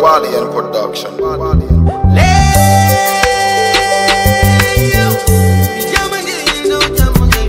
Body and Production. Body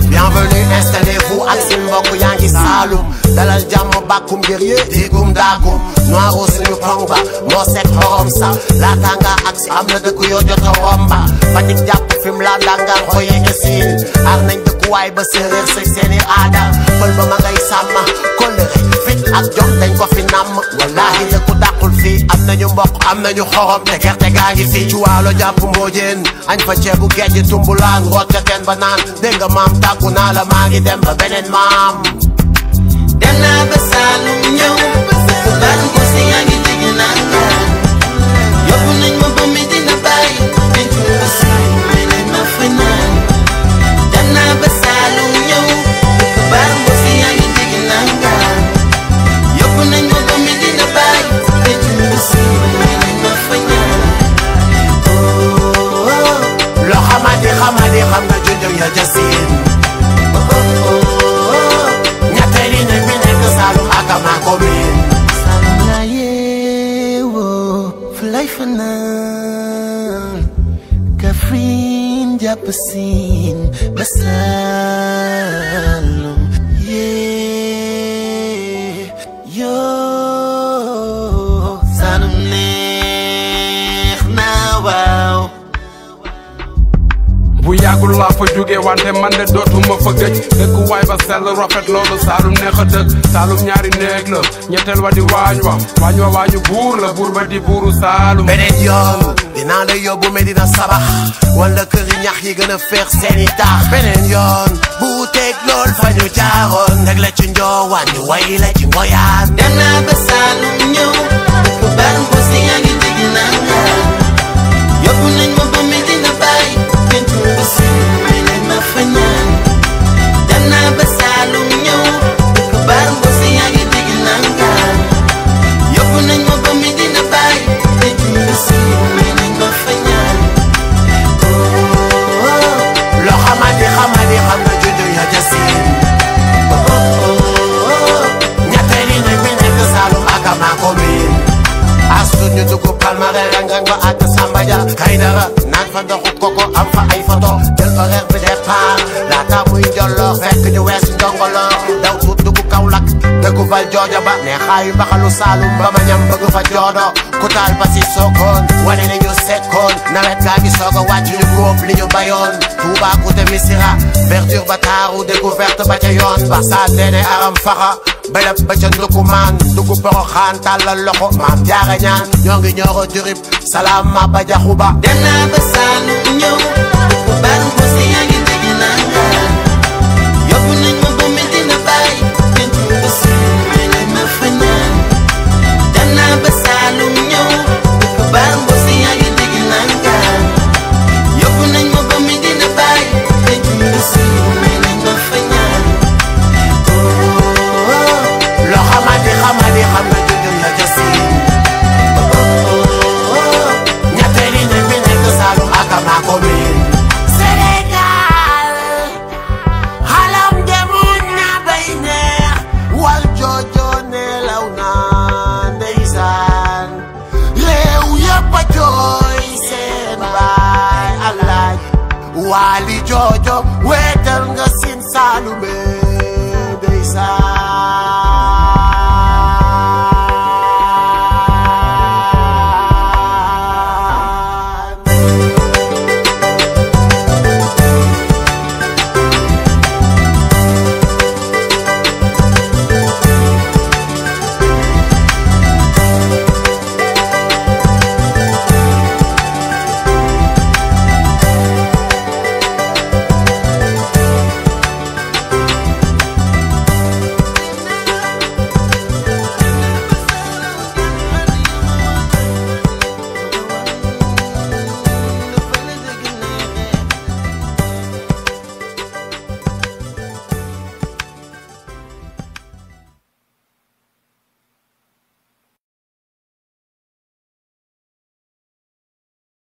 Bienvenue, installez-vous à Simbok Yangi Salo. Dalal Diamo Bakum Guerrier, Digum Dagum. Noiro suñu kong ba, moo seet xorom sa. Laata nga ak si am na dëkk yoo jot romba. Fatick jàpp fi mu laa dangal xoyee nga siin. Aar nañ dëkkuwaay ba séeréer say seeni aada. Pël ba ma ngay sàmm, kóllëre, fit ak jom dañ ko fi namm. Wallaahi fi am nañu mboq am nañu xorom te gerte gaa ngi fi ci waalo jàpp mboojeen añ fa ceebu gejj tumbulaan root ca teen ba naan dégg maam tàggu naa la maa ngi dem ba beneen maam dem ba Saalum ñëw for life and now Kafrin japasin masal bu yàggul laa fa jóge wante man de dootuma fa gëj dëkkuwaay ba sell rafet loolu saalum neex a dëkk saalum ñaari néeg la ñetteel wa di waañ wa waañ wa waañu buur la buur ba di buuru saalum beneen yoon dinaa la yóbbu Medina Sabax wala kër yi ñax yi gën a feex seen i taax beneen yoon bu teeg lool fa ñu jaaroon ndeg la ci njoowaan ñu way la ci ngoyaan dem naa ba fa ndoxu koko am fa ay photo jël horaire bi départ laata muy njolloor fekk ñu weesu jongoloor daw tuut dugg Kaolack dëggu fal joojo ba neexaayu mbaxalu Saalum ba ma ñam bëgg fa joodo ku taal ba si sookoon wane ne ñu sekkoon nawet gaa ngi soog a wàcc ñu góob bayon Tu bayoon Touba Kouté Missira verdure ba taaru découverte ba ca yoon ba aram faxa bërëb ba ca ndukumaan nduku poroxaan tàllal loxo maam jaara ñaan ñoo ngi ñooro salaam ma ba jaxu ba dem naa ba saalum ñëw Wali Jojo wetal nga sin Saloumé ndeysaan